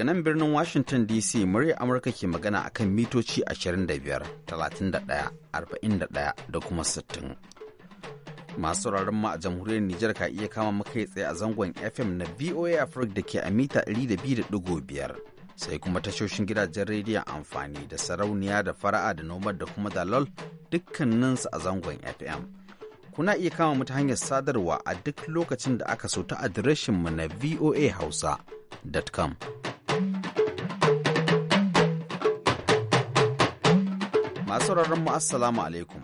Daga nan birnin Washington DC murya Amurka ke magana a kan mitoci 25, 31, 41 da kuma 60. Masu sauraron mu a jamhuriyar Nijar ka iya kama makai tsaye a zangon FM na VOA Africa da ke a mita 200.5. Sai kuma tashoshin gidajen rediyon amfani da sarauniya da fara'a da nomad da kuma dalol dukkaninsu a zangon FM. kuna iya kama mu ta hanyar sadarwa a duk lokacin da aka so ta adireshinmu na voa hausa.com. Masu sauraron mu assalamu alaikum.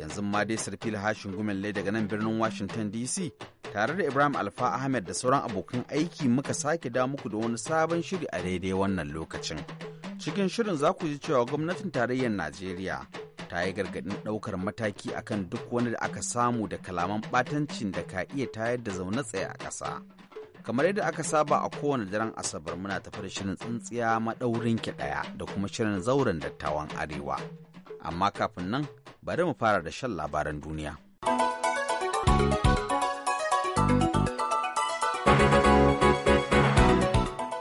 Yanzu ma dai sarfil hashin gumelle daga nan birnin Washington DC tare da Ibrahim Alfa Ahmed da sauran abokan aiki muka sake da muku da wani sabon shiri a daidai wannan lokacin. Cikin shirin za ku ji cewa gwamnatin tarayyar Najeriya ta yi gargaɗin ɗaukar mataki akan duk wani da aka samu da kalaman ɓatancin da ka iya tayar da zaune tsaye a ƙasa. Kamar yadda aka saba a kowane daren Asabar muna tafi da shirin tsintsiya maɗaurin ki ɗaya da kuma shirin zauren dattawan Arewa. amma kafin nan bari mu fara da shan labaran duniya.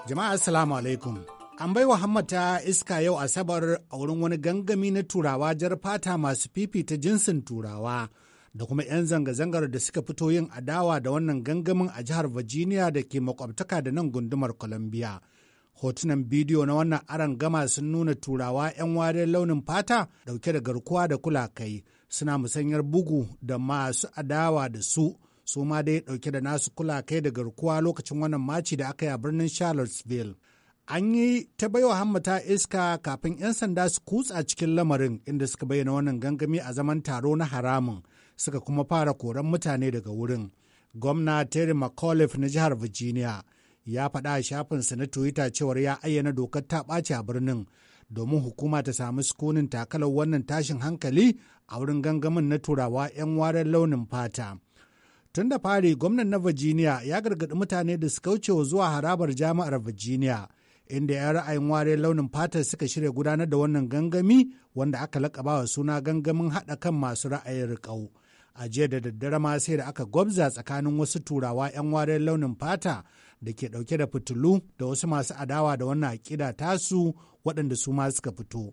Jama'a Assalamu alaikum. An bai wa hammata iska yau Asabar a wurin wani gangami na turawa jar fata masu fifita jinsin turawa da kuma 'yan zanga-zangar da suka fito yin adawa da wannan gangamin a jihar Virginia da ke makwabtaka da nan gundumar Columbia. hotunan bidiyo na wannan aron gama sun nuna turawa 'yan wariyar launin fata dauke da garkuwa da kulakai suna musanyar bugu da masu adawa da su su ma dai dauke da nasu kulakai da garkuwa lokacin wannan maci da aka yi a birnin charlottesville an yi ta baiwa hammata iska kafin 'yan sanda su kutsa cikin lamarin inda suka bayyana wannan gangami a zaman taro na haramun suka kuma fara koran mutane daga wurin gwamna terry mcauliffe na jihar virginia ya faɗa a shafinsa na twitter cewar ya ayyana dokar ta ɓaci a birnin domin hukuma ta samu sukunin takalar wannan tashin hankali a wurin gangamin na turawa 'yan waren launin fata tun da fari gwamnan na virginia ya gargaɗi mutane da su kaucewa zuwa harabar jami'ar virginia inda 'yan ra'ayin ware launin fata suka shirya gudanar da wannan gangami wanda aka lakaba wa suna gangamin haɗa kan masu ra'ayin riƙau a jiya da daddare ma sai da aka gwabza tsakanin wasu turawa 'yan ware launin fata da ke dauke da fitilu da wasu masu adawa da wannan akida tasu waɗanda su ma suka fito.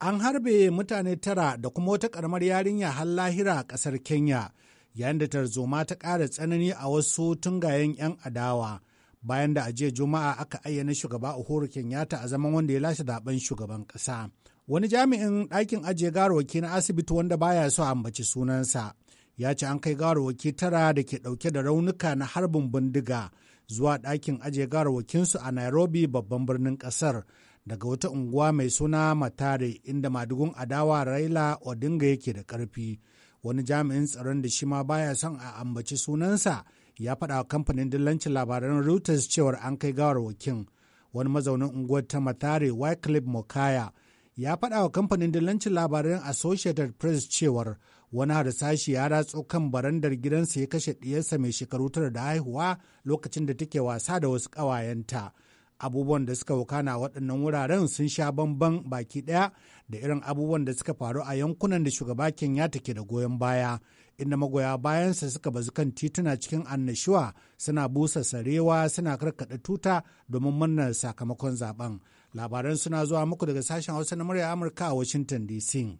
An harbe mutane tara da kuma wata ƙaramar yarinya har lahira a ƙasar Kenya, yayin da tarzoma ta ƙara tsanani a wasu tungayen 'yan adawa. Bayan da a Juma'a aka ayyana shugaba Uhuru Kenyatta a zaman wanda ya lashe zaben shugaban ƙasa. Wani jami'in ɗakin ajiye garwaki na asibiti wanda baya so a ambaci sunansa ya ce an kai garwaki tara da ke ɗauke da raunuka na harbin bindiga zuwa ɗakin ajiye garawakinsu a Nairobi babban birnin ƙasar daga wata unguwa mai suna Matare inda madugun adawa Raila Odinga yake da ƙarfi. Wani jami'in tsaron da shi ma baya son a ambaci sunansa ya faɗa kamfanin dillancin labaran Reuters cewar an kai gawarwakin. Wani mazaunin unguwar ta Matare Wycliffe Mokaya ya faɗa wa kamfanin dillancin labaran Associated Press cewar wani harsashi ya ratso kan barandar gidansa ya kashe ɗiyarsa mai shekaru tara da haihuwa lokacin da take wasa da wasu ƙawayenta abubuwan da suka wakana waɗannan wuraren sun sha bamban baki ɗaya da irin abubuwan da suka faru a yankunan da shugaba kenyatta ke da goyon baya inda magoya bayansa suka bazu kan tituna cikin annashuwa suna busa sarewa suna karkaɗa tuta domin murnar sakamakon zaben labaran suna zuwa muku daga sashen hausa na murya amurka a washington dc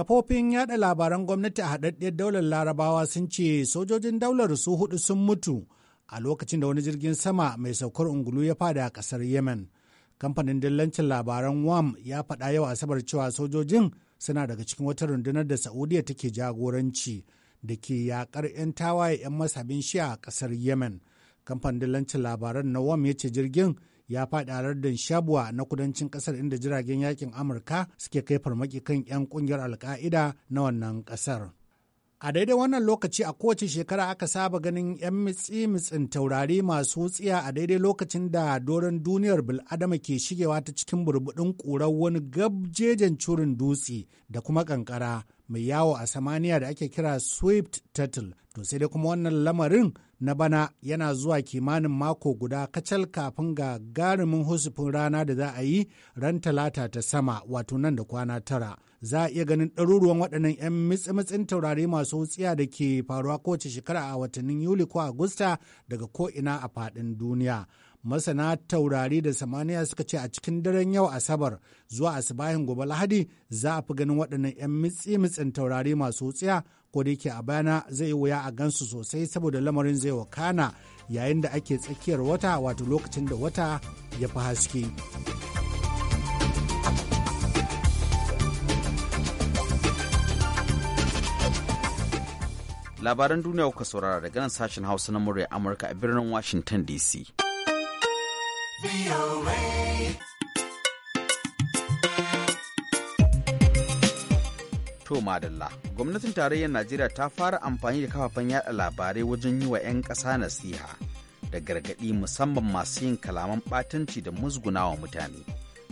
Kafofin yada labaran gwamnati a haɗaɗɗiyar daular larabawa sun ce sojojin daular su hudu sun mutu a lokacin da wani jirgin sama mai saukar ungulu ya fada a ƙasar Yemen. Kamfanin dillancin labaran WAM ya faɗa yau Asabar cewa sojojin suna daga cikin wata rundunar da Saudiya take jagoranci da ke yakar 'yan tawaye 'yan masabin shi a ƙasar Yemen. Kamfanin dillancin labaran na WAM ya ce jirgin ya faɗi a lardin Shabwa na kudancin ƙasar inda jiragen yakin Amurka suke kai farmaki kan 'yan ƙungiyar Alka'ida na wannan ƙasar. A daidai wannan lokaci a kowace shekara aka saba ganin 'yan mitsi-mitsin taurari masu wutsiya a daidai lokacin da doron duniyar bil'adama ke shigewa ta cikin burbuɗin ƙurar wani gabjejen curin dutse da kuma ƙanƙara mai yawo a samaniya da ake kira swift turtle to sai dai kuma wannan lamarin na bana yana zuwa kimanin mako guda kacal kafin ga garimin husufin rana da za a yi ran talata ta sama wato nan da kwana tara za a iya ganin ɗaruruwan waɗannan 'yan mitsi taurari masu wutsiya da ke faruwa kowace shekara a watannin yuli ko agusta daga ko'ina a faɗin duniya masana taurari da samaniya suka ce a cikin daren yau asabar zuwa asibahin gobe lahadi za a fi ganin waɗannan 'yan mitsi-mitsin taurari masu wutsiya ko da yake a bana zai wuya a gansu sosai saboda lamarin zai wakana yayin da ake tsakiyar wata wato lokacin da wata ya fi haske. labaran duniya kuka saurara daga nan sashen hausa na murya amurka a birnin washington dc To madalla, gwamnatin tarayyar Najeriya ta fara amfani da kafafen yada labarai wajen yi wa 'yan ƙasa nasiha da gargaɗi musamman masu yin kalaman ɓatanci da musgunawa mutane.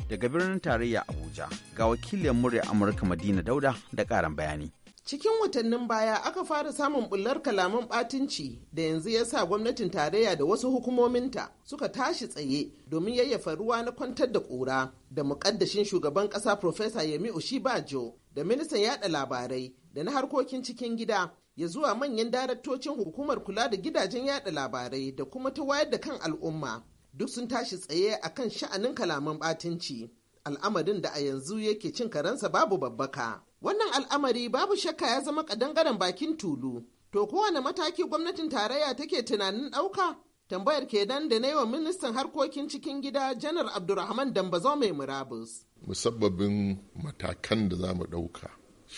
Daga birnin tarayya Abuja, ga wakilin murya Amurka Madina Dauda da ƙarin bayani. Cikin watannin baya aka fara samun bullar kalaman ɓatinci da yanzu ya sa gwamnatin tarayya da wasu hukumominta suka tashi tsaye domin yayyafa ruwa na kwantar da ƙura da muƙaddashin shugaban ƙasa Profesa Yemi Oshibajo da ministan yada labarai da na harkokin cikin gida ya zuwa manyan daraktocin hukumar kula da gidajen yada labarai da kuma ta wayar da kan al'umma duk sun tashi tsaye akan sha'anin kalaman ɓatinci. al'amarin da a yanzu yake cin karensa babu babbaka. Wannan al'amari babu shakka ya zama kadangaren bakin tulu. To kowane mataki gwamnatin tarayya take tunanin ɗauka? Tambayar kenan da na yi wa ministan harkokin cikin gida janar Abdulrahman Dambazo mai murabus. Musabbabin matakan da za mu ɗauka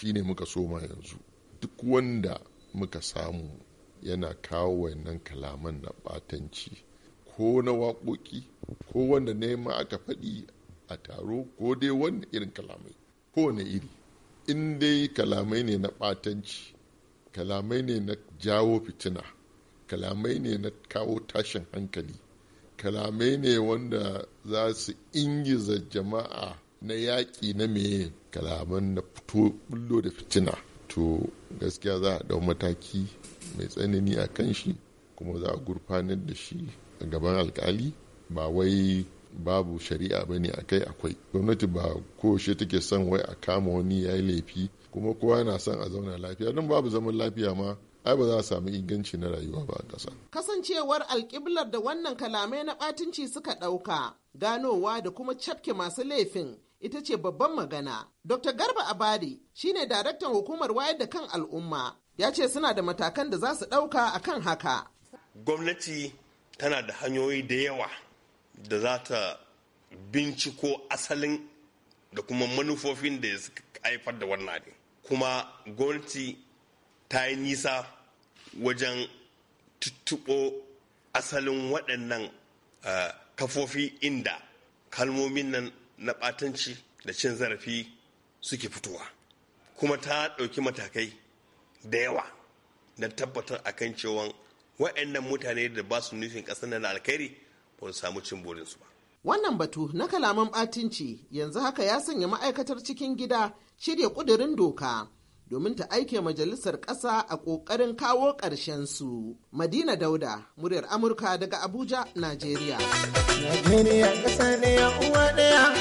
ne muka so ma yanzu. Duk wanda muka samu yana kawo wannan kalaman na ɓatanci ko na waƙoƙi ko wanda nema aka faɗi a taro ko dai wani irin kalamai kowane iri in dai kalamai ne na ɓatanci kalamai ne na jawo fitina kalamai ne na kawo tashin hankali kalamai ne wanda za su ingiza jama'a na yaƙi na meye kalaman na fito bullo da fitina to gaskiya za a ɗau mataki mai tsanani a kan shi kuma za a gurfanar da shi a gaban alkali ba wai babu shari'a ba ne a kai akwai gwamnati ba koshe take son wai a kama wani ya yi laifi kuma kowa yana son a zauna lafiya don babu zaman lafiya ma ai ba za a samu inganci na rayuwa ba a ƙasa. Kasancewar alƙiblar da wannan kalamai na ɓatunci suka ɗauka, ganowa da kuma cafke masu laifin ita ce babban magana. Dr. Garba Abadi shine daraktan hukumar wayar da kan al'umma ya ce suna da matakan da za su ɗauka a kan haka. Gwamnati tana da hanyoyi da yawa da za ta binciko asalin da kuma manufofin da suka haifar da wannan abin kuma gwamnati ta yi nisa wajen tuttuɓo asalin waɗannan kafofi inda kalmomin nan na ɓatanci da cin zarafi suke fitowa kuma ta ɗauki matakai da yawa na tabbatar akan cewa waɗannan mutane da ba su nufin ƙasar na alkhairi wani samu cin burinsu ba. Wannan batu na kalaman ɓatinci yanzu haka ya sanya ma'aikatar cikin gida shirya ƙudurin doka domin ta aike majalisar ƙasa a ƙoƙarin kawo ƙarshen su. Madina Dauda, muryar Amurka daga Abuja, Najeriya. Najeriya ƙasa ya uwa ɗaya,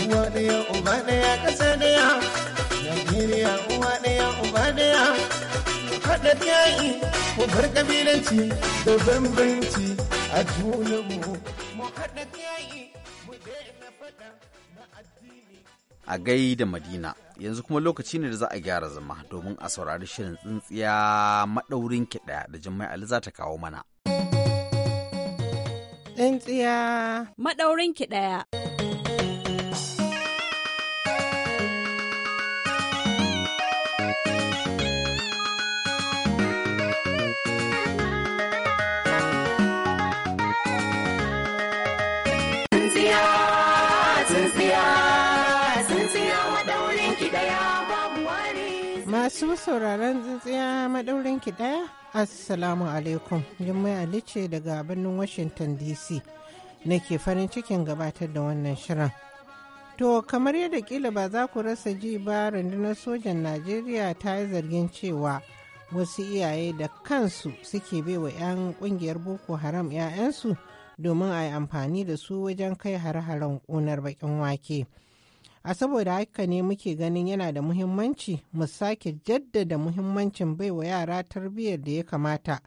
uwa ɗaya uba ƙasa ɗaya. Najeriya uwa ɗaya uba ɗaya. haɗa yayi mu bar kabilanci da bambanci a junanmu mu haɗa yayi mu daina faɗa na addini a gai da madina yanzu kuma lokaci ne da za a gyara zama domin a saurari shirin tsintsiya maɗaurin ɗaya da jimai ali za ta kawo mana tsintsiya maɗaurin ɗaya. masu sauraron tsintsiya madaurin ki daya assalamu alaikum jummai ali ce daga birnin washington dc nake farin cikin gabatar da wannan shirin to kamar yadda kila ba za ku rasa ji ba rundunar sojan najeriya ta yi zargin cewa wasu iyaye da kansu suke baiwa 'yan kungiyar boko haram 'ya'yansu domin a yi amfani da su wajen kai har haren ƙunar baƙin wake. A saboda haka ne muke ganin yana da muhimmanci mu sake jaddada muhimmancin baiwa yara tarbiyyar da ya kamata,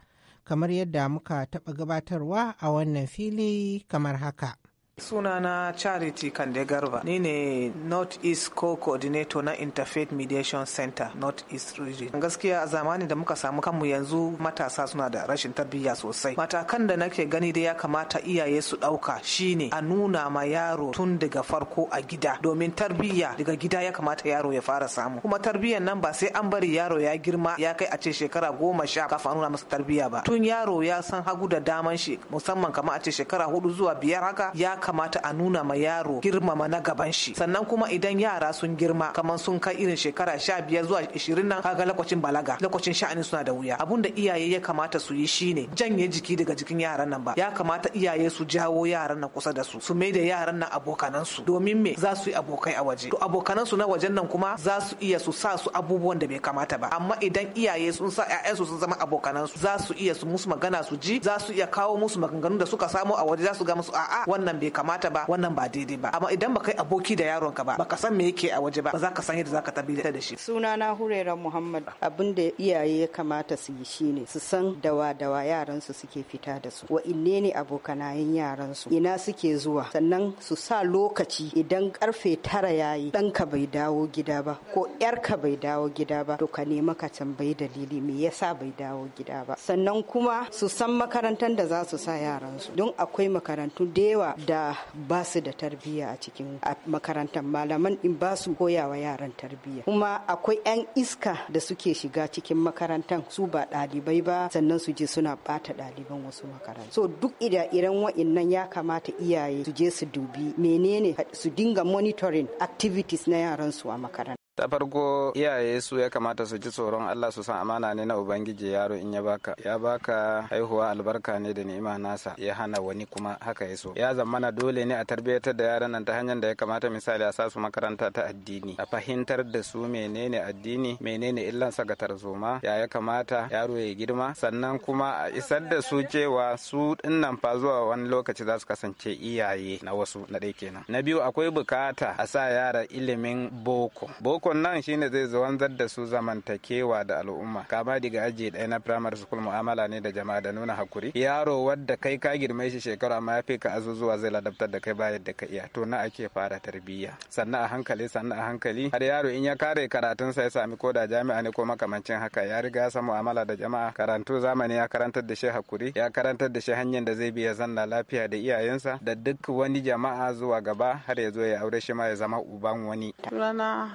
kamar yadda muka taɓa gabatarwa a wannan fili kamar haka. sunana charity kande garba ni ne north east co coordinator na interfaith mediation center north east region gaskiya a zamanin da muka samu kanmu yanzu matasa suna da rashin tarbiyya sosai matakan da nake gani da ya kamata iyaye su ɗauka shine a nuna ma yaro tun daga farko a gida domin tarbiyya daga gida ya kamata yaro ya fara samu kuma tarbiyyan nan ba sai an bari yaro ya girma ya kai a ce shekara goma sha kafin nuna masa tarbiyya ba tun yaro ya san hagu da daman shi musamman kamar a ce shekara hudu zuwa biyar haka ya kamata a nuna ma yaro girmama na gaban shi sannan kuma idan yara sun girma kamar sun kai irin shekara sha biyar zuwa ishirin nan kaga lokacin balaga lokacin sha'ani suna da wuya abun da iyaye ya kamata su yi shine janye jiki daga jikin yaran nan ba ya kamata iyaye su jawo yaran nan kusa da su su mai da yaran nan abokanan su domin me za su yi abokai a waje to abokanan su na wajen nan kuma za su iya su sa su abubuwan da bai kamata ba amma idan iyaye sun sa ƴaƴan su sun zama abokanan su za su iya su musu magana su ji za su iya kawo musu maganganu da suka samu a waje za su ga musu a'a wannan bai kamata ba wannan ba daidai ba amma idan baka yi aboki da yaron ka ba baka san me yake a waje ba ba za ka san yadda za ka tabbatar da shi sunana hurairar muhammad abin da iyaye ya kamata su yi shine su san dawa dawa yaran su suke fita da su wa inne ne abokanayen yaran su ina suke zuwa sannan su sa lokaci idan karfe tara yayi Dan ka bai dawo gida ba ko ka bai dawo gida ba to ka nema ka tambayi dalili me yasa bai dawo gida ba sannan kuma su san makarantar da za su sa yaran su don akwai makarantu da yawa da ba su da tarbiyya a cikin makarantar malaman in ba su koyawa yaran tarbiyya kuma akwai 'yan iska da suke shiga cikin makarantar su ba ɗalibai ba sannan su je suna bata ɗaliban wasu makarantar so duk ida iran wa'innan ya kamata iyaye su je su dubi menene su dinga monitoring activities na yaran su a makaranta ta farko iyaye su ya kamata su ji tsoron Allah su san amana ne na ubangiji yaro in ya baka ya baka haihuwa albarka ne da ni'ima nasa ya hana wani kuma haka ya so ya zamana dole ne a tarbiyyatar da yaran nan ta hanyar da ya kamata misali a sa su makaranta ta addini a fahimtar da su menene addini menene illansa ga tarzoma ya ya kamata yaro ya girma sannan kuma a isar da su cewa su dinnan fa zuwa wani lokaci za su kasance iyaye na wasu na dai kenan na biyu akwai bukata a sa yara ilimin boko boko Taimakon nan shine zai wanzar da su zamantakewa da al'umma. Kama daga aji ɗaya na primary school mu'amala ne da jama'a da nuna hakuri. Yaro wadda kai ka girme shi shekaru amma ya fi ka azuzuwa zai ladabtar da kai bayan da ka iya. To na ake fara tarbiyya. Sannan a hankali sannan a hankali. Har yaro in ya kare karatunsa ya sami ko da jami'a ne ko makamancin haka ya riga ya san mu'amala da jama'a. Karantu zamani ya karantar da shi hakuri. Ya karantar da shi hanyar da zai bi ya zanna lafiya da iyayensa da duk wani jama'a zuwa gaba har ya zo ya aure shi ma ya zama uban wani.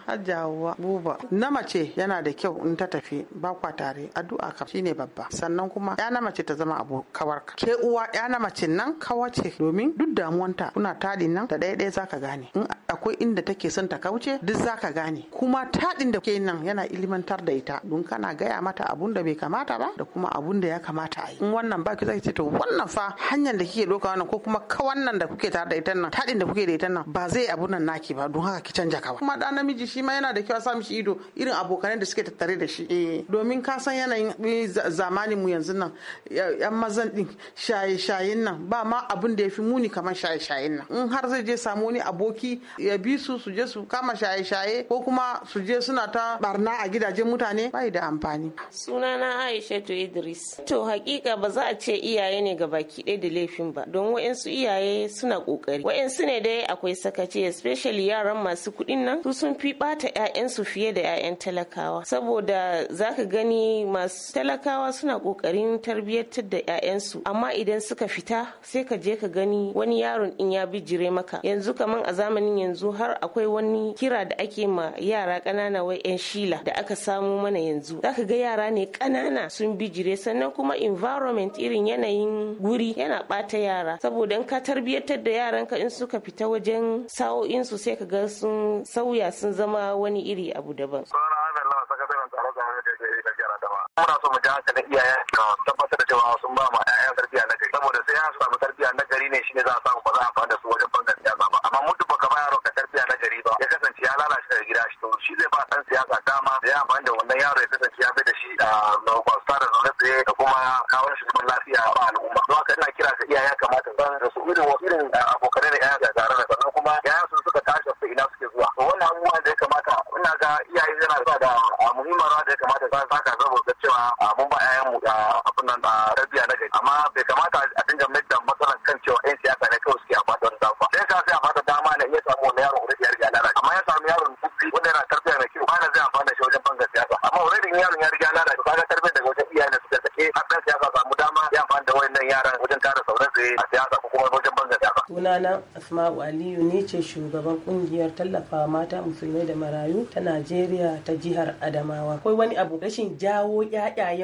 Hajja dawowa Buba na mace yana da kyau in ta tafi ba kwa tare addu'a ka shine babba sannan kuma ya na mace ta zama abu kawarka ke uwa ya na mace nan kawace domin duk damuwanta kuna tadi nan da daya ɗaya zaka gane in akwai inda take son ta kauce duk zaka gane kuma tadin da ke nan yana ilimantar da ita don kana gaya mata abun da bai kamata ba da kuma abun da ya kamata a yi in wannan ki zaki ce to wannan fa hanyar da kike doka wannan ko kuma ka wannan da kuke tare da ita nan tadin da kuke da ita nan ba zai abun nan naki ba don haka ki canja ka ba kuma da namiji shi ma yana yana da kyau a sa mishi ido irin abokanan da suke tattare da shi eh, domin ka san yanayin eh, zamanin mu yanzu nan yan mazan din shaye-shayen nan ba ma abin da ya fi muni kamar shaye-shayen nan in har zai je samu wani aboki ya bi su su je su kama shaye-shaye ko kuma su je suna ta barna a gidajen mutane bai da amfani sunana aisha to idris to hakika ba za a ce iyaye ne ga baki ɗaya da laifin ba don wa'insu iyaye suna kokari wa'insu ne dai akwai sakaci especially yaran masu kuɗin nan su sun fi ɓata 'ya'yansu fiye da 'ya'yan talakawa saboda zaka gani masu talakawa suna kokarin tarbiyyantar da 'ya'yansu amma idan suka fita sai ka je ka gani wani yaron ɗin ya bijire maka yanzu kaman a zamanin yanzu har akwai wani kira da ake ma yara ƙanana wai 'yan shila da aka samo mana yanzu zaka ga yara ne ƙanana sun bijire sannan kuma environment irin yanayin guri yana ɓata yara saboda ka tarbiyyantar da yaranka in suka fita wajen sa'o'insu sai ka ga sun sauya sun zama wani iri abu daban. muna so mu ji hankalin iyaye na tabbatar da cewa sun ba ma 'ya'yan tarbiyya na gari saboda sai an samu tarbiyya na gari ne shine za a samu ba za a amfani da su wajen bangar siyasa ba amma muddin baka ba yaro ka tarbiyya na gari ba ya kasance ya lalace daga gida shi to shi zai ba dan siyasa dama da ya amfani da wannan yaro ya kasance ya da shi a ah, kwasta da zaune tsaye da kuma kawo shi zaman lafiya ba al'umma don haka ina kira ga iyaye kamata san da su irin irin ah, abokanai da tare da sannan kuma 'ya'yan sun suka ina suke zuwa to wannan abubuwa da ya kamata ina ga iyaye yana sa da muhimmin rawa da ya kamata za su saka saboda cewa mun ba 'ya'yanmu abin nan da tarbiyya na gari amma bai kamata a dinga mai da matsalar kan sunana asma'u aliyu ni ce shugaban kungiyar tallafa mata musulmai da marayu ta najeriya ta jihar adamawa akwai wani abu rashin jawo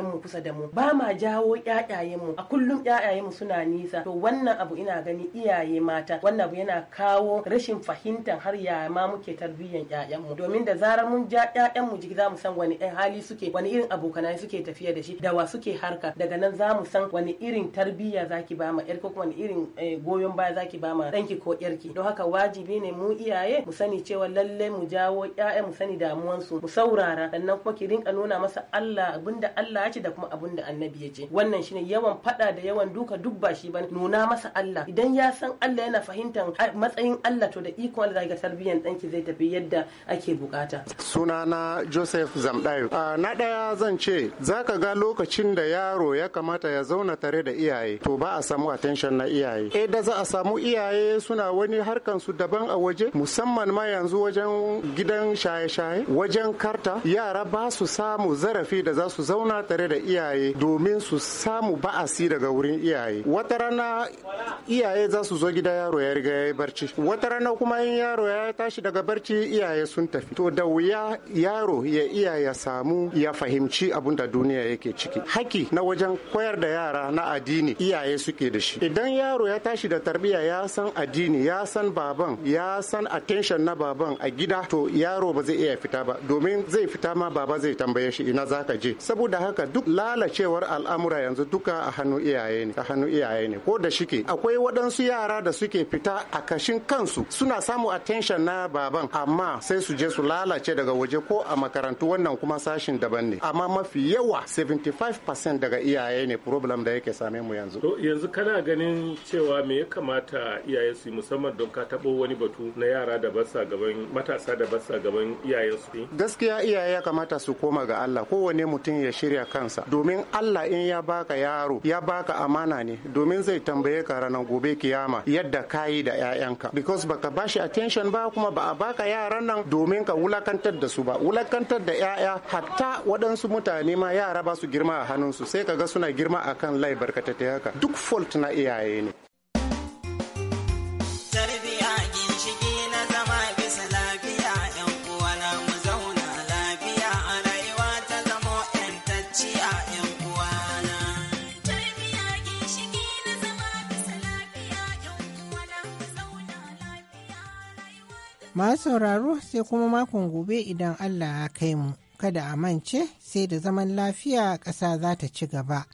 mu kusa da mu ba ma jawo mu a kullum mu suna nisa to wannan abu ina gani iyaye mata wannan abu yana kawo rashin fahimtar har ya ma muke tarbiyyar mu domin da zarar mun ja mu jiki za mu san wani hali suke wani irin abokanai suke tafiya da shi da wa suke harka daga nan za mu san wani irin tarbiyya zaki ba ma ko ko wani irin eh, goyon baya zaki ba ma danki ko yarki don haka wajibi ne mu iyaye mu sani cewa lalle mu jawo ƴaƴa mu sani damuwansu mu saurara sannan kuma ki rinka nuna masa Allah abinda Allah ya ce da kuma abinda annabi ya ce wannan shine yawan fada da yawan duka duk ba shi bane nuna masa Allah idan ya san Allah yana fahimtar matsayin Allah to da ikon Allah ga tarbiyyar danki zai tafi yadda ake bukata sunana Joseph Zamdayo na daya zan ce zaka ga lokacin da yaro ya kamata ya zauna tare da iyaye to ba a samu attention na iyaye eh da za a samu iyaye iyaye suna wani harkan su daban a waje musamman ma yanzu wajen gidan shaye-shaye wajen karta yara ba su samu zarafi da za su zauna tare da iyaye domin su samu ba'asi daga wurin iyaye wata rana iyaye za su zo gida yaro ya riga ya yi barci wata rana kuma in yaro ya tashi daga barci iyaye sun tafi to da wuya yaro ya iya ya samu ya fahimci abin da duniya yake ciki haki na wajen koyar da yara na addini iyaye suke da shi idan yaro ya tashi da tarbiyya ya san addini ya san baban ya san attention na baban a gida to yaro ba zai iya fita ba domin zai fita ma baba zai tambaye shi ina zaka je saboda haka duk lalacewar al'amura yanzu duka a hannu iyaye ne a hannu iyaye ne ko da shike akwai waɗansu yara da suke fita a kashin kansu suna samu attention na baban amma sai su je su lalace daga waje ko a makarantu wannan kuma sashin daban ne amma mafi yawa 75% daga iyaye ne problem da yake same mu yanzu to yanzu kana ganin cewa me ya kamata iyayensu musamman don ka taɓo wani batu na yara da basa gaban matasa da basa gaban iyayensu. gaskiya iyaye ya kamata su koma ga Allah kowane mutum ya shirya kansa domin Allah in ya baka yaro ya baka amana ne domin zai tambaye ka ranar gobe kiyama yadda kayi da 'ya'yanka because baka bashi attention ba kuma ba a baka yaran nan domin ka wulakantar da su ba wulakantar da 'ya'ya hatta waɗansu mutane ma yara ba su girma a hannunsu sai kaga suna girma akan lai barkatatai haka duk fault na iyaye ne Masu sauraro sai kuma makon gobe idan Allah ya kai mu. Kada a mance sai da zaman lafiya ƙasa za ta ci gaba.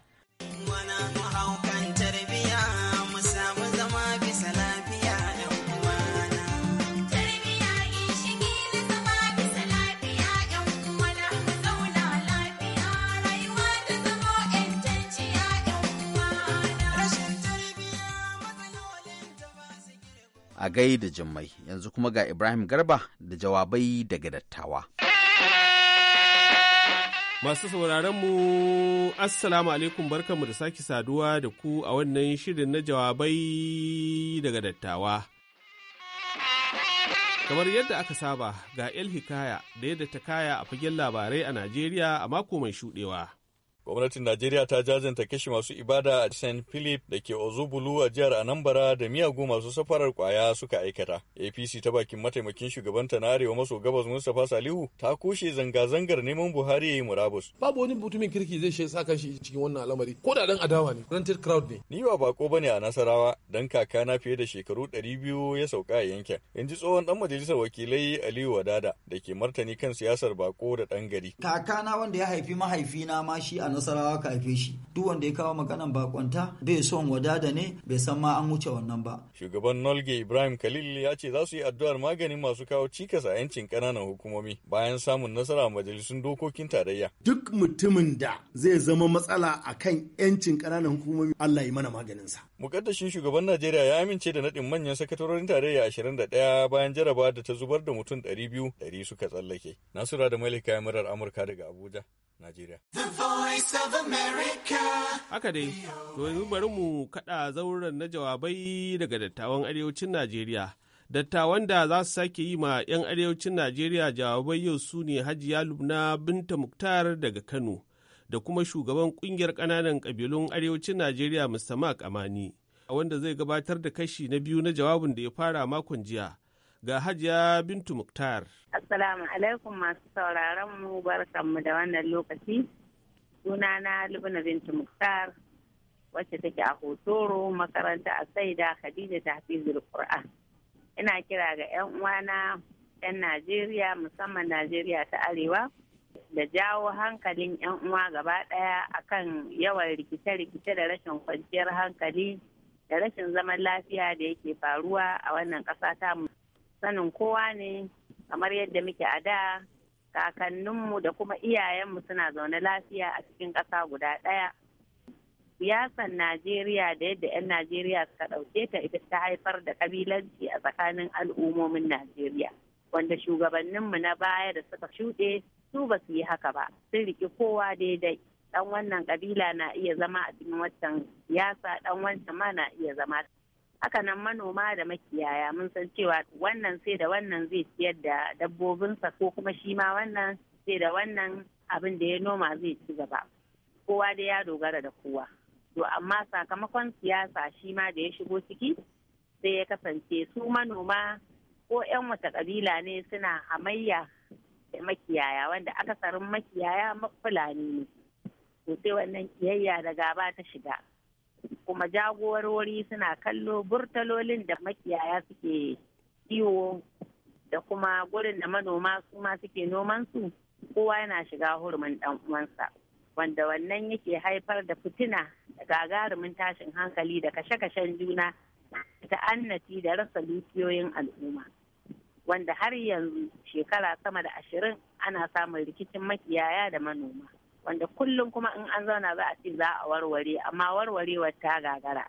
gaida jimmai yanzu kuma ga Ibrahim Garba da jawabai daga dattawa. Masu mu Assalamu alaikum barkanmu da sake saduwa da ku a wannan shirin na jawabai daga dattawa. Kamar yadda aka saba ga El Hikaya da yadda ta kaya a fagen labarai a Najeriya a mako mai shuɗewa. Gwamnatin Najeriya ta jazanta kashe masu ibada a St. Philip da ke Ozubulu a jihar Anambra da miyagu masu safarar kwaya suka aikata. APC ta bakin mataimakin shugabanta na Arewa maso gabas Mustapha Salihu ta kushe zanga-zangar neman Buhari ya yi murabus. Babu wani mutumin kirki zai shi sa kanshi cikin wannan al'amari ko da dan adawa ne, rented crowd ne. Ni ba bako bane a Nasarawa dan kakana fiye da shekaru ɗari biyu ya sauka a yankin. In tsohon dan majalisar wakilai Aliyu Wadada da ke martani kan siyasar bako da dan gari. Kakana wanda ya haifi mahaifina ma shi a nasarawa ka haife shi duk wanda ya kawo maganan bakonta bai son wadada ne bai san ma an wuce wannan ba shugaban nolge ibrahim khalil ya ce za su yi addu'ar maganin masu kawo cikas a yancin kananan hukumomi bayan samun nasara a majalisun dokokin tarayya duk mutumin da zai zama matsala a kan yancin kananan hukumomi allah yi mana maganinsa mukaddashin shugaban najeriya ya amince da naɗin manyan sakatorin tarayya 21 bayan jaraba da ta zubar da mutum ɗari biyu ɗari suka tsallake nasura da malika murar amurka daga abuja Najeriya. Haka dai, to yanzu bari mu kaɗa zauren na jawabai daga dattawan arewacin Najeriya. Dattawan da za su sake yi ma 'yan arewacin Najeriya jawabai yau su ne Hajiya Lubna Binta Muktar daga Kano da kuma shugaban kungiyar ƙananan ƙabilun arewacin Najeriya Mr. Mark Amani, wanda zai gabatar da kashi na biyu na jawabin da ya fara makon jiya. ga Hajiya Bintu Muktar. Assalamu alaikum masu sauraron mu barkanmu da wannan lokaci. Sunana Lubna Bintu Muktar wacce take a Hotoro makaranta a Saida Khadija ta Tahfizul Qur'an. Ina kira ga 'yan uwana 'yan Najeriya musamman Najeriya ta Arewa da jawo hankalin 'yan uwa gaba ɗaya akan yawan rikice-rikice da rashin kwanciyar hankali da rashin zaman lafiya da yake faruwa a wannan ƙasa ta sanin kowa ne kamar yadda muke a da kakanninmu da kuma iyayenmu suna zaune lafiya a cikin ƙasa guda ɗaya. Siyasar Najeriya da yadda 'yan Najeriya suka ɗauke ta ita ta haifar da kabilanci a tsakanin al'ummomin Najeriya. Wanda shugabanninmu na baya da suka shuɗe su ba su yi haka ba, sun riƙi kowa daidai. Ɗan wannan kabila na iya zama a cikin wancan siyasa, ɗan wancan ma na iya zama. haka nan manoma da makiyaya mun san cewa wannan sai da wannan zai ciyar da dabbobinsa ko kuma shi ma wannan sai da wannan abin da ya noma zai ci gaba kowa da ya dogara da kowa to amma sakamakon siyasa shi ma da ya shigo ciki sai ya kasance su manoma ko 'yan wata kabila ne suna hamayya da makiyaya wanda akasarin makiyaya fulani ne to sai wannan kiyayya da gaba ta shiga kuma jagorori suna kallo burtalolin da makiyaya suke kiwo da kuma gurin da manoma su ma suke noman su kowa yana shiga hurumin dan uwansa wanda wannan yake haifar da fitina da gagarumin tashin hankali da kashe-kashen juna ta annati da rasa dukiyoyin al'umma wanda har yanzu shekara sama da ashirin ana samun rikicin makiyaya da manoma wanda kullum kuma in an zauna za a ce za a warware amma warwarewar ta gagara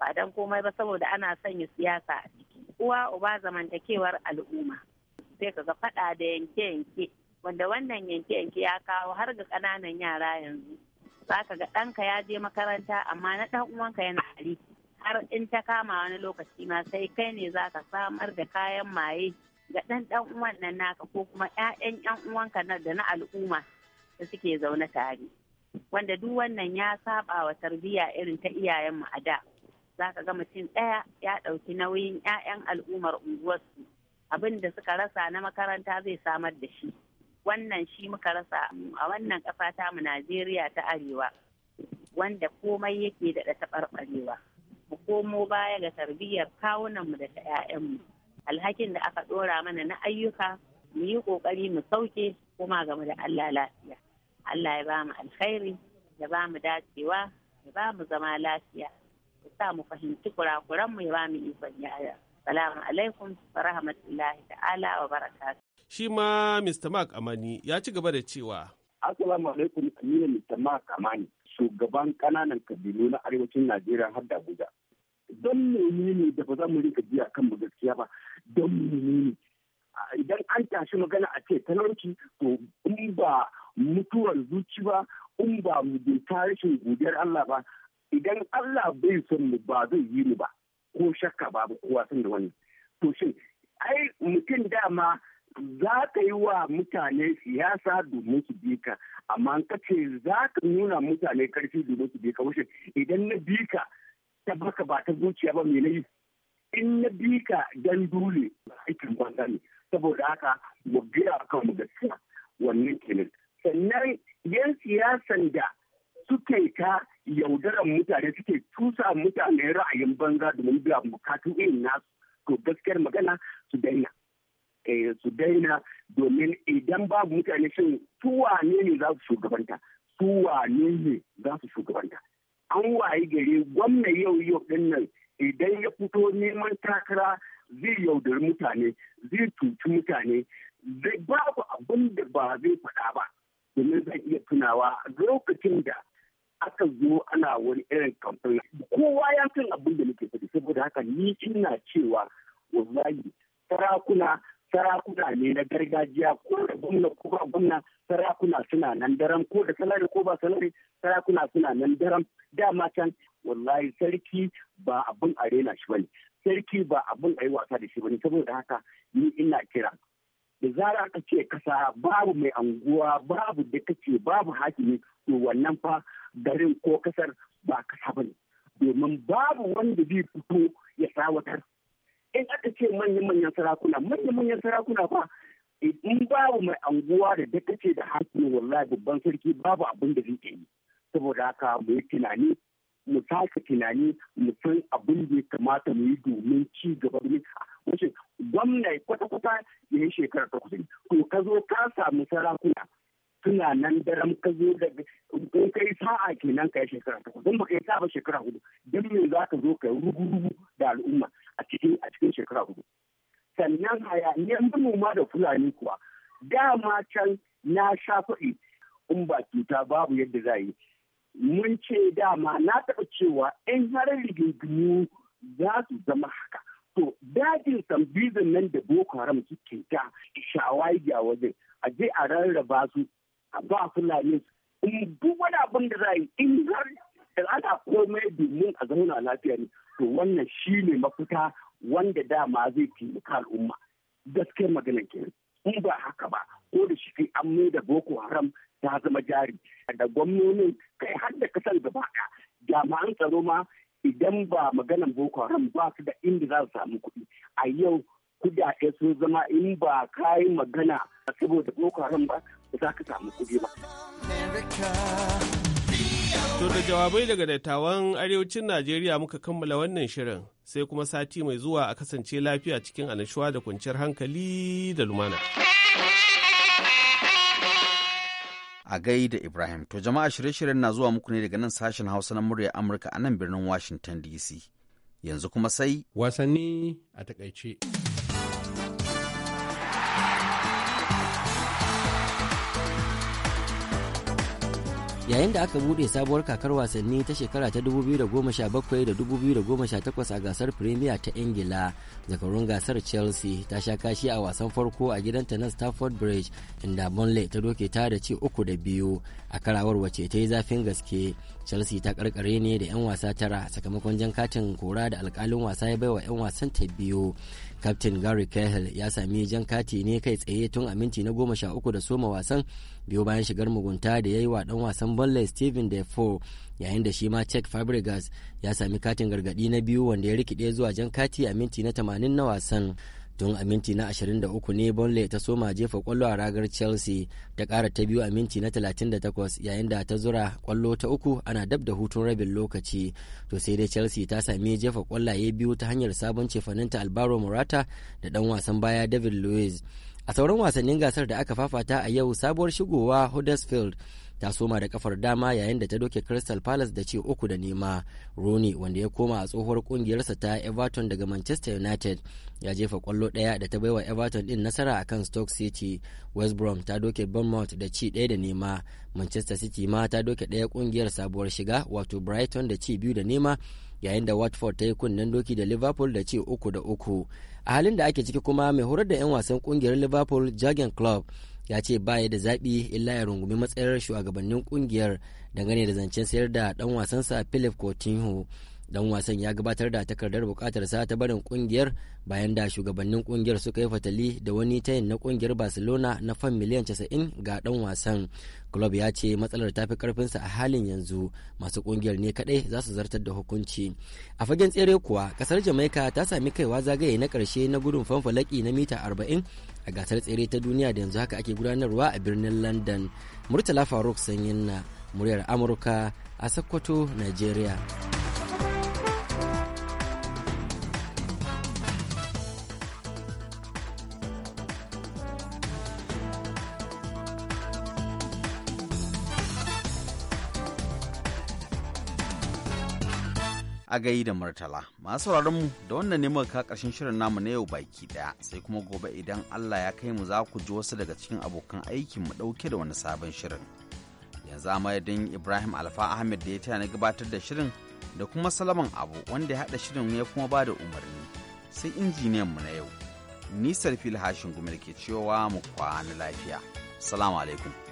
ba dan komai ba saboda ana sanya siyasa a ciki uwa uba zamantakewar al'umma sai ka ga faɗa da yanke-yanke wanda wannan yanke-yanke ya kawo har ga ƙananan yara yanzu za ka ga ɗanka ya je makaranta amma na ɗan uwanka yana hari har in ta kama wani lokaci ma sai kai ne za ka samar da kayan maye ga ɗan ɗan uwan nan naka ko kuma 'ya'yan 'yan uwanka na da na al'umma da suke zaune tare wanda duk wannan ya saba wa tarbiyya irin ta iyayenmu a da za ka ga mutum ɗaya ya ɗauki nauyin 'ya'yan al'ummar unguwarsu abin da suka rasa na makaranta zai samar da shi wannan shi muka rasa a wannan ƙasa ta mu najeriya ta arewa wanda komai yake da taɓarɓarewa mu komo baya ga tarbiyyar kawunanmu da ta 'ya'yanmu alhakin da aka ɗora mana na ayyuka mu yi ƙoƙari mu sauke kuma game da allah lafiya Allah ya ba mu alkhairi ya ba mu dacewa ya ba mu zama lafiya ya sa mu fahimci kurakuran mu ya ba mu ikon yaya salamu alaikum wa rahmatullahi ta'ala wa barakatuh shi ma Mr. Mark Amani ya ci gaba da cewa Assalamu alaikum Aminu Mr. Mark Amani shugaban kananan kabilu na arewacin Najeriya har da Abuja don menene da ba za mu rika biya kan mu gaskiya ba don menene idan an tashi magana a ce talauci to in ba mutuwar zuci ba in ba mu ta rashin godiyar Allah ba idan Allah bai son mu ba zai yi mu ba ko shakka babu kowa sun da wani to shin ai mutum dama za ka yi wa mutane siyasa domin su bi ka amma ka ce za ka nuna mutane karfi domin su bi ka wuce idan na bi ka ta baka ba ta zuciya ba mai na yi in na bi ka dan dole aikin banza ne saboda haka mu biya a mu gaskiya wannan kenan sannan yan siyasan da suke ta yaudaran mutane suke tusa mutane ra'ayin banza domin biya bukatu irin nasu to gaskiyar magana su daina eh, su daina domin idan babu mutane shin su wane ne za su shugabanta su wane ne za su shugabanta an waye gari gwamna yau yau din nan idan ya fito neman takara zai yaudari mutane zai cuci mutane zai babu abin da ba zai faɗa ba domin zai iya tunawa lokacin da aka zo ana wani irin kamfani kowa ya san abin da nake faɗi saboda haka ni ina cewa wallahi sarakuna sarakuna ne na gargajiya ko da gwamna ko ba gwamna sarakuna suna nan daram ko da salari ko ba salari sarakuna suna nan daram dama can wallahi sarki ba abin arena shi bane sarki ba abin a yi wasa da shi ba ne saboda haka ni ina kira da zara aka ce kasa babu mai anguwa babu da kace babu hakimi to wannan fa garin ko kasar ba kasa bane domin babu wanda zai fito ya tsawatar in aka ce manyan manyan sarakuna manyan manyan sarakuna fa in babu mai anguwa da da kace da hakimi wallahi babban sarki babu abin da zai yi saboda haka mu yi tunani mu sake tunani mu san abin da ya kamata mu yi domin ci gaba domin wace gwamna kwata-kwata ya yi shekara ta kusa to ka zo ka samu sarakuna suna nan daram ka zo da kai sa'a kenan ka yi shekara ta kusa ba ka yi sa'a shekara hudu don me za ka zo ka yi rugu-rugu da al'umma a cikin a cikin shekara hudu sannan hayaniyar manoma da fulani kuwa dama can na sha faɗi in ba cuta babu yadda za a yi mun ce dama na taɓa cewa 'yan har rigingimu za su zama haka. To dajin sambizin nan da Boko Haram suke ta shawagi a waje, a je a rarraba su a ba Fulani in duk wani abin da za yi in har da ana komai domin a zauna lafiya ne to wannan shi ne mafita wanda dama zai taimaka al'umma gaske maganin kenan in ba haka ba ko da shi an mai da Boko Haram ta zama jari da gwamnonin kai har da kasar gaba ɗaya jami'an tsaro ma idan ba maganan boko haram ba su da inda za su samu kuɗi a yau kudade sun zama in ba ka yi magana saboda boko haram ba ba za ka samu kuɗi ba. To da jawabai daga dattawan arewacin Najeriya muka kammala wannan shirin sai kuma sati mai zuwa a kasance lafiya cikin annashuwa da kwanciyar hankali da lumana. a da Ibrahim. To jama'a shirye-shiryen na zuwa muku ne daga nan sashen Hausa na murya Amurka a nan birnin Washington DC. Yanzu kuma sai wasanni a takaice. yayin da aka bude sabuwar kakar wasanni ta shekara ta 2017 da 2018 a gasar premier ta ingila zakarun gasar chelsea ta sha kashi a wasan farko a gidanta na stafford bridge inda burnley ta doke ta da ci uku da biyu a karawar wace ta yi zafin gaske chelsea ta karkare ne da 'yan wasa tara sakamakon jan katin kora da alkalin wasa ya baiwa 'yan wasan ta biyu captain gary cahill ya sami jan kati ne kai tsaye tun a minti na goma sha uku da soma wasan biyu bayan shigar mugunta da ya yi wa dan wasan bolle steven defoe yayin da shi ma check fabregas ya sami katin gargadi na biyu wanda ya rikide zuwa jan kati a minti na 80 na wasan tun a minti na 23 ne bonley ta soma jefa kwallo a ragar chelsea ta kara ta biyu a minti na 38 yayin da ta zura kwallo ta uku ana dab da hutun rabin lokaci to sai dai chelsea ta sami jefa kwallaye biyu ta hanyar sabon cefaninta albaro morata da dan wasan baya david louis. a sauran wasannin gasar da aka fafata a yau sabuwar shigowa huddersfield ta soma da kafar dama yayin da ta doke crystal palace da ce uku da nema rooney wanda ya koma a tsohuwar kungiyarsa ta everton daga manchester united ya jefa kwallo daya da ta baiwa everton din nasara akan stoke city west brom ta doke bournemouth da ci daya da nema manchester city ma ta doke daya kungiyar sabuwar shiga wato brighton da ci biyu da nema yayin da watford ta yi kunnen doki da liverpool da ci uku da uku a halin da ake ciki kuma mai horar da 'yan wasan kungiyar liverpool jagen club ya ce baya da zaɓi illa ya rungumi matsayar shugabannin kungiyar dangane da zancen sayar da ɗan wasansa philip coutinho dan wasan ya gabatar da takardar bukatarsa ta barin kungiyar bayan da shugabannin kungiyar suka yi fatali da wani tayin na kungiyar barcelona na fan miliyan 90 ga dan wasan club ya ce matsalar tafi karfinsa a halin yanzu masu kungiyar ne kadai za su zartar da hukunci a fagen tsere kuwa kasar jamaica ta sami kaiwa zagaye na karshe na gudun fanfalaki na mita 40 a gasar tsere ta duniya da yanzu haka ake gudanarwa a birnin london murtala faruk sanyin na muryar amurka a sokoto nigeria a gayi da murtala masu sauraron mu da wannan neman ka karshen shirin namu na yau baki daya sai kuma gobe idan Allah ya kai mu za ku ji wasu daga cikin abokan aikin mu dauke da wani sabon shirin yanzu madadin Ibrahim Alfa Ahmed da ya tana na gabatar da shirin da kuma Salaman Abu wanda ya haɗa shirin ya kuma ba da umarni sai injiniyan mu na yau nisar fil hashin gumel ke cewa mu kwana lafiya salamu alaikum